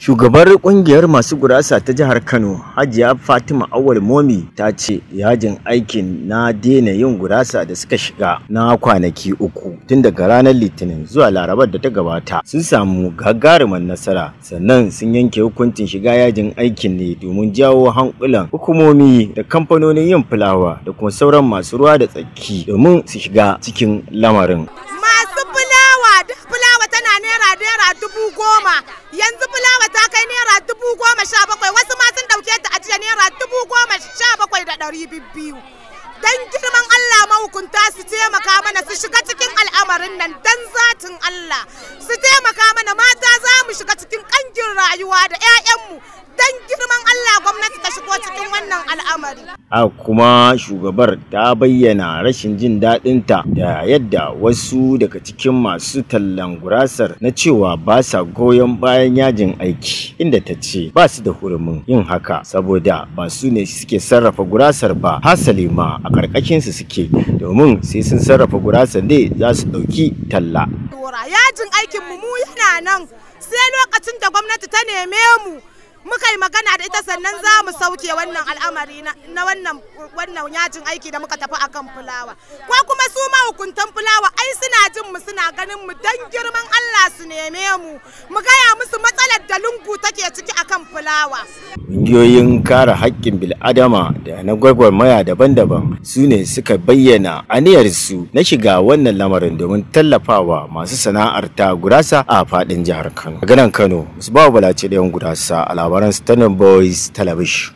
Shugabar kungiyar masu gurasa ta jihar Kano, Hajiya Fatima Awal Momi ta ce yajin aikin na daina yin gurasa da suka shiga na kwanaki uku tun daga ranar Litinin zuwa Larabar da ta gabata. Sun samu gagarumar nasara sannan sun yanke hukuncin shiga yajin aikin ne domin jawo hankulan hukumomi da kamfanonin yin fulawa da kuma sauran masu ruwa da tsaki domin su shiga cikin lamarin. ɗari biyu girman Allah mahukunta su taimaka mana su shiga cikin al'amarin nan dan zatin Allah su taimaka mana mata za mu shiga cikin ƙangin rayuwa da 'ya'yanmu dan girman Allah gwamnati ta shigo wannan al'amari. A kuma shugabar ta bayyana rashin jin daɗinta da yadda wasu daga cikin masu tallan gurasar na cewa ba sa goyon bayan yajin aiki inda ta ce ba su da hurumin yin haka saboda ba su ne suke sarrafa gurasar ba hasali ma a karkashinsu suke domin sai sun sarrafa gurasar ne za su ɗauki talla. Yajin mu mu yana nan sai lokacin da gwamnati ta neme mu muka yi magana da ita sannan za mu sauke wannan al'amari na wannan yajin aiki da muka tafi akan fulawa ko kuma su mahukuntan fulawa ai mu suna ganin mu dan girman Allah su neme mu mu gaya musu matsalar da lungu take ciki akan fulawa ƙungiyoyin kare haƙƙin bil'adama da na gwagwarmaya daban-daban su ne suka bayyana aniyarsu na shiga wannan lamarin domin tallafawa masu sana'ar ta gurasa a faɗin jihar kano ganan kano su ba balace yan gurasa a labaran standard boys television